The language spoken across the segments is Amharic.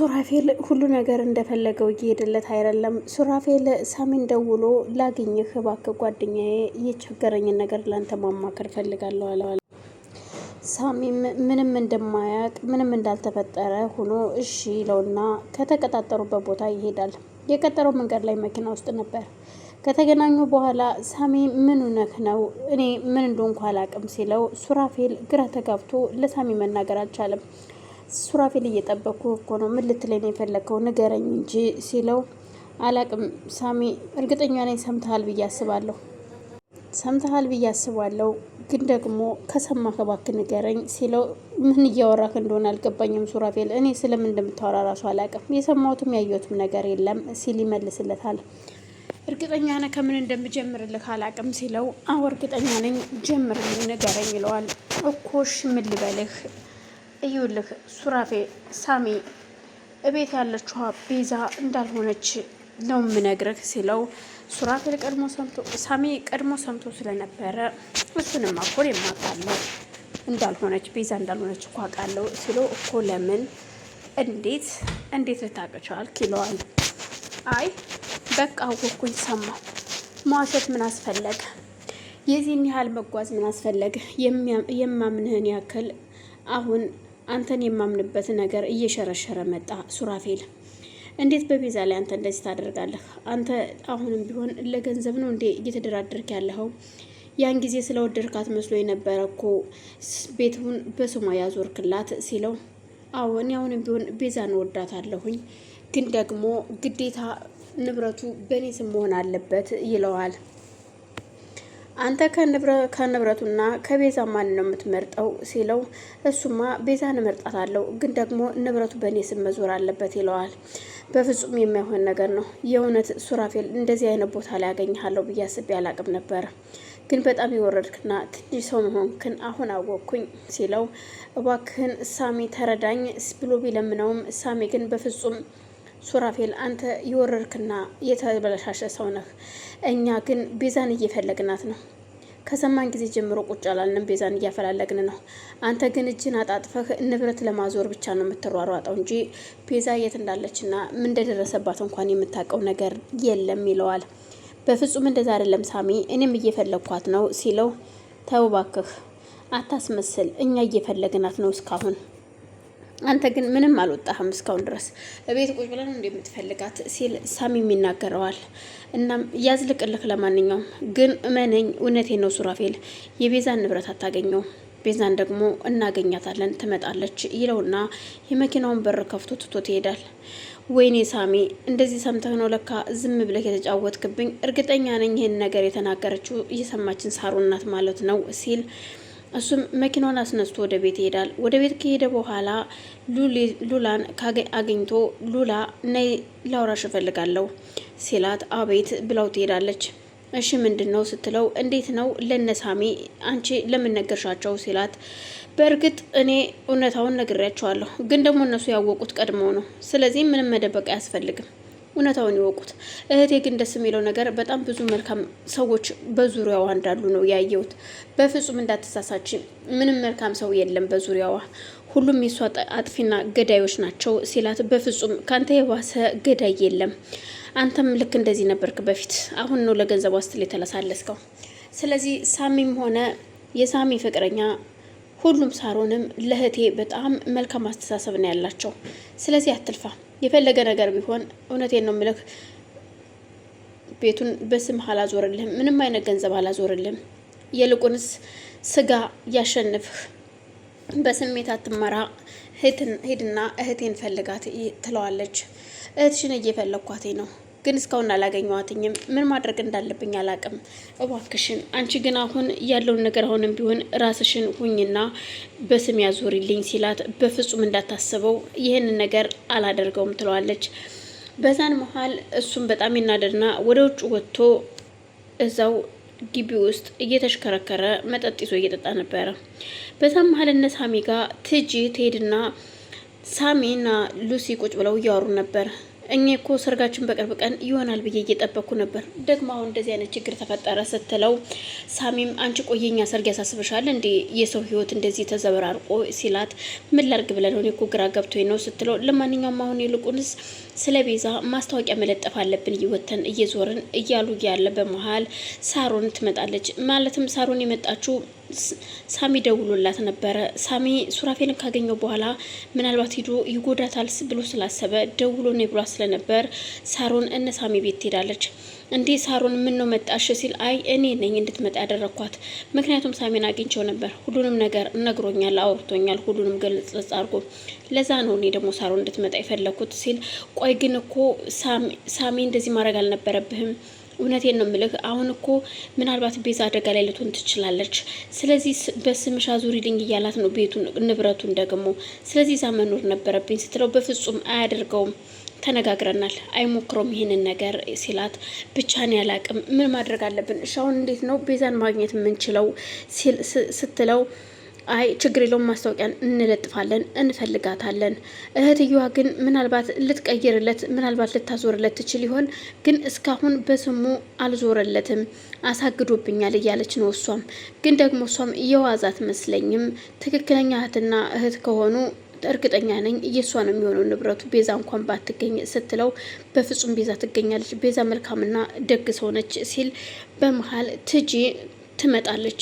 ሱራፌል ሁሉ ነገር እንደፈለገው እየሄደለት አይደለም። ሱራፌል ሳሚን ደውሎ ላግኝህ እባክህ ጓደኛዬ እየቸገረኝን ነገር ለአንተ ማማከር ፈልጋለሁ አለዋል። ሳሚም ምንም እንደማያውቅ ምንም እንዳልተፈጠረ ሆኖ እሺ ይለውና ከተቀጣጠሩበት ቦታ ይሄዳል። የቀጠረው መንገድ ላይ መኪና ውስጥ ነበር። ከተገናኙ በኋላ ሳሚ ምን ነክ ነው እኔ ምን እንደሆንኩ አላውቅም ሲለው ሱራፌል ግራ ተጋብቶ ለሳሚ መናገር አልቻለም። ሱራፌል እየጠበኩ እኮ ነው። ምን ልትለኝ የፈለግከው? ንገረኝ እንጂ ሲለው አላቅም ሳሚ፣ እርግጠኛ ነኝ ሰምተሃል ብዬ አስባለሁ ሰምተሃል ብዬ አስባለሁ፣ ግን ደግሞ ከሰማህ እባክህ ንገረኝ ሲለው ምን እያወራህ እንደሆነ አልገባኝም ሱራፌል፣ እኔ ስለምን እንደምታወራ ራሱ አላቅም፣ የሰማሁትም ያየሁትም ነገር የለም ሲል ይመልስለታል። እርግጠኛ ነህ ከምን እንደምጀምርልህ አላቅም ሲለው አዎ እርግጠኛ ነኝ፣ ጀምርልኝ፣ ንገረኝ ይለዋል። እኮሽ ምን ልበልህ እዩልህ ሱራፌ ሳሚ እቤት ያለችዋ ቤዛ እንዳልሆነች ነው የምነግርህ ሲለው ሱራፌል ቀድሞ ሰምቶ ሳሚ ቀድሞ ሰምቶ ስለነበረ እሱንም አኮን የማውቃለሁ እንዳልሆነች ቤዛ እንዳልሆነች እኮ አውቃለሁ ሲለው እኮ ለምን እንዴት እንዴት ልታውቅ ኪለዋል አይ በቃ አወኩኝ ሰማሁ። ማሸት ምን አስፈለገ? የዚህን ያህል መጓዝ ምን አስፈለገ? የማምንህን ያክል አሁን አንተን የማምንበት ነገር እየሸረሸረ መጣ። ሱራፌል እንዴት በቤዛ ላይ አንተ እንደዚህ ታደርጋለህ? አንተ አሁንም ቢሆን ለገንዘብ ነው እንዴ እየተደራደርክ ያለኸው? ያን ጊዜ ስለ ወደድካት መስሎ የነበረ እኮ ቤቱን በስሟ ያዞርክላት ሲለው፣ አዎ እኔ አሁንም ቢሆን ቤዛን ወዳታለሁኝ፣ ግን ደግሞ ግዴታ ንብረቱ በእኔ ስም መሆን አለበት ይለዋል። አንተ ከንብረቱና ከቤዛ ማን ነው የምትመርጠው ሲለው እሱማ ቤዛን እመርጣታለሁ፣ ግን ደግሞ ንብረቱ በእኔ ስም መዞር አለበት ይለዋል። በፍጹም የማይሆን ነገር ነው። የእውነት ሱራፌል እንደዚህ አይነት ቦታ ላይ ያገኘሃለሁ ብዬ አስቤ አላቅም ነበር፣ ግን በጣም የወረድክና ትንሽ ሰው መሆንክን አሁን አወቅኩኝ ሲለው እባክህን ሳሚ ተረዳኝ ብሎ ቢለምነውም ሳሚ ግን በፍጹም ሱራፌል አንተ የወረርክና የተበለሻሸ ሰው ነህ። እኛ ግን ቤዛን እየፈለግናት ነው። ከሰማን ጊዜ ጀምሮ ቁጭ አላልንም፣ ቤዛን እያፈላለግን ነው። አንተ ግን እጅን አጣጥፈህ ንብረት ለማዞር ብቻ ነው የምትሯሯጠው እንጂ ቤዛ የት እንዳለችና ምን እንደደረሰባት እንኳን የምታውቀው ነገር የለም ይለዋል። በፍጹም እንደዛ አይደለም ሳሚ፣ እኔም እየፈለግኳት ነው ሲለው፣ ተው እባክህ አታስመስል፣ እኛ እየፈለግናት ነው እስካሁን አንተ ግን ምንም አልወጣህም እስካሁን ድረስ እቤት ቁጭ ብለን እንደምትፈልጋት ሲል ሳሚም ይናገረዋል። እናም ያዝልቅልክ። ለማንኛውም ግን እመነኝ፣ እውነቴ ነው ሱራፌል፣ የቤዛን ንብረት አታገኘው። ቤዛን ደግሞ እናገኛታለን፣ ትመጣለች ይለውና የመኪናውን በር ከፍቶ ትቶ ይሄዳል። ወይኔ ሳሚ፣ እንደዚህ ሰምተህ ነው ለካ ዝም ብለህ የተጫወትክብኝ። እርግጠኛ ነኝ ይህን ነገር የተናገረችው እየሰማችን ሳሩ እናት ማለት ነው ሲል እሱም መኪናውን አስነስቶ ወደ ቤት ይሄዳል። ወደ ቤት ከሄደ በኋላ ሉላን አግኝቶ ሉላ ነይ ላውራሽ እፈልጋለሁ ሲላት አቤት ብላው ትሄዳለች። እሺ ምንድን ነው ስትለው እንዴት ነው ለነሳሚ አንቺ ለምን ነገርሻቸው ሲላት በእርግጥ እኔ እውነታውን ነግሬያቸዋለሁ፣ ግን ደግሞ እነሱ ያወቁት ቀድመው ነው። ስለዚህ ምንም መደበቅ አያስፈልግም እውነታውን ይወቁት። እህቴ ግን ደስ የሚለው ነገር በጣም ብዙ መልካም ሰዎች በዙሪያዋ እንዳሉ ነው ያየሁት። በፍጹም እንዳትሳሳች፣ ምንም መልካም ሰው የለም በዙሪያዋ፣ ሁሉም የሷ አጥፊና ገዳዮች ናቸው ሲላት፣ በፍጹም ከአንተ የባሰ ገዳይ የለም፣ አንተም ልክ እንደዚህ ነበርክ በፊት፣ አሁን ነው ለገንዘቧ ዋስትል የተለሳለስከው። ስለዚህ ሳሚም ሆነ የሳሚ ፍቅረኛ ሁሉም ሳሮንም ለእህቴ በጣም መልካም አስተሳሰብ ነው ያላቸው። ስለዚህ አትልፋ የፈለገ ነገር ቢሆን እውነቴን ነው ምልክ ቤቱን በስም አላዞርልህም። ምንም አይነት ገንዘብ አላዞርልህም። የልቁንስ ስጋ ያሸንፍህ። በስሜት አትመራ። ሂድና እህቴን ፈልጋት ትለዋለች። እህትሽን እየፈለግኳቴ ነው ግን እስካሁን አላገኘዋትኝም። ምን ማድረግ እንዳለብኝ አላቅም። እባክሽን አንቺ ግን አሁን ያለውን ነገር አሁንም ቢሆን ራስሽን ሁኝና በስም ያዞሪልኝ ሲላት፣ በፍጹም እንዳታስበው ይህንን ነገር አላደርገውም ትለዋለች። በዛን መሀል እሱም በጣም ይናደድና ወደ ውጭ ወጥቶ እዛው ግቢ ውስጥ እየተሽከረከረ መጠጥ ይዞ እየጠጣ ነበረ። በዛም መሀል እነ ሳሚ ጋር ትጂ ትሄድና ሳሚና ሉሲ ቁጭ ብለው እያወሩ ነበር። እኔ እኮ ሰርጋችን በቅርብ ቀን ይሆናል ብዬ እየጠበኩ ነበር፣ ደግሞ አሁን እንደዚህ አይነት ችግር ተፈጠረ ስትለው ሳሚም አንቺ ቆየኛ ሰርግ ያሳስብሻል እንዴ የሰው ህይወት እንደዚህ ተዘበራርቆ ሲላት ምን ላርግ ብለን ሆኔ እኮ ግራ ገብቶኝ ነው ስትለው ለማንኛውም አሁን ይልቁንስ ስለ ቤዛ ማስታወቂያ መለጠፍ አለብን እየወተን እየዞርን እያሉ ያለ በመሀል ሳሮን ትመጣለች። ማለትም ሳሮን የመጣችው ሳሚ ደውሎላት ነበረ። ሳሚ ሱራፌን ካገኘው በኋላ ምናልባት ሂዶ ይጎዳታል ብሎ ስላሰበ ደውሎ ነው ብሏት ስለነበር ሳሮን እነ ሳሚ ቤት ትሄዳለች። እንዴ ሳሮን ምን ነው መጣሽ? ሲል አይ እኔ ነኝ እንድትመጣ ያደረግኳት፣ ምክንያቱም ሳሚን አግኝቸው ነበር። ሁሉንም ነገር ነግሮኛል፣ አውርቶኛል፣ ሁሉንም ገለጽ አድርጎ ለዛ ነው እኔ ደግሞ ሳሮን እንድትመጣ የፈለኩት ሲል ቆይ ግን እኮ ሳሚ እንደዚህ ማድረግ አልነበረብህም እውነቴን ነው የምልህ። አሁን እኮ ምናልባት ቤዛ አደጋ ላይ ልትሆን ትችላለች። ስለዚህ በስምሽ አዙሪልኝ እያላት ነው ቤቱን ንብረቱን ደግሞ። ስለዚህ እዛ መኖር ነበረብኝ ስትለው በፍጹም አያደርገውም ተነጋግረናል፣ አይሞክረውም ይህንን ነገር ሲላት፣ ብቻን ያላቅም ምን ማድረግ አለብን? እሺ አሁን እንዴት ነው ቤዛን ማግኘት የምንችለው ስትለው አይ ችግር የለውም ማስታወቂያን እንለጥፋለን፣ እንፈልጋታለን። እህትየዋ ግን ምናልባት ልትቀይርለት፣ ምናልባት ልታዞርለት ትችል ይሆን? ግን እስካሁን በስሙ አልዞረለትም፣ አሳግዶብኛል እያለች ነው። እሷም ግን ደግሞ እሷም የዋዛት መስለኝም ትክክለኛ እህትና እህት ከሆኑ እርግጠኛ ነኝ እየሷ ነው የሚሆነው ንብረቱ ቤዛ እንኳን ባትገኝ ስትለው፣ በፍጹም ቤዛ ትገኛለች፣ ቤዛ መልካምና ደግ ሰው ነች ሲል በመሀል ትጂ ትመጣለች።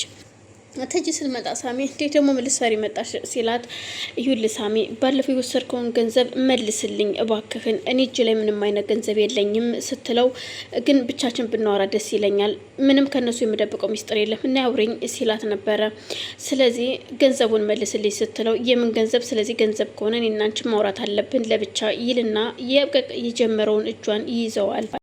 ተጅ ስትመጣ ሳሚ እንዴት ደግሞ ምልሰሪ መጣሽ ሲላት፣ ይሁል ሳሚ ባለፈው የወሰድከውን ገንዘብ መልስልኝ እባክህን፣ እኔ እጅ ላይ ምንም አይነት ገንዘብ የለኝም ስትለው፣ ግን ብቻችን ብናወራ ደስ ይለኛል፣ ምንም ከነሱ የምደብቀው ሚስጥር የለም እና ያውሪኝ ሲላት ነበረ። ስለዚህ ገንዘቡን መልስልኝ ስትለው፣ የምን ገንዘብ? ስለዚህ ገንዘብ ከሆነ እኔና ማውራት አለብን ለብቻ ይልና የጀመረውን እጇን ይይዘዋል።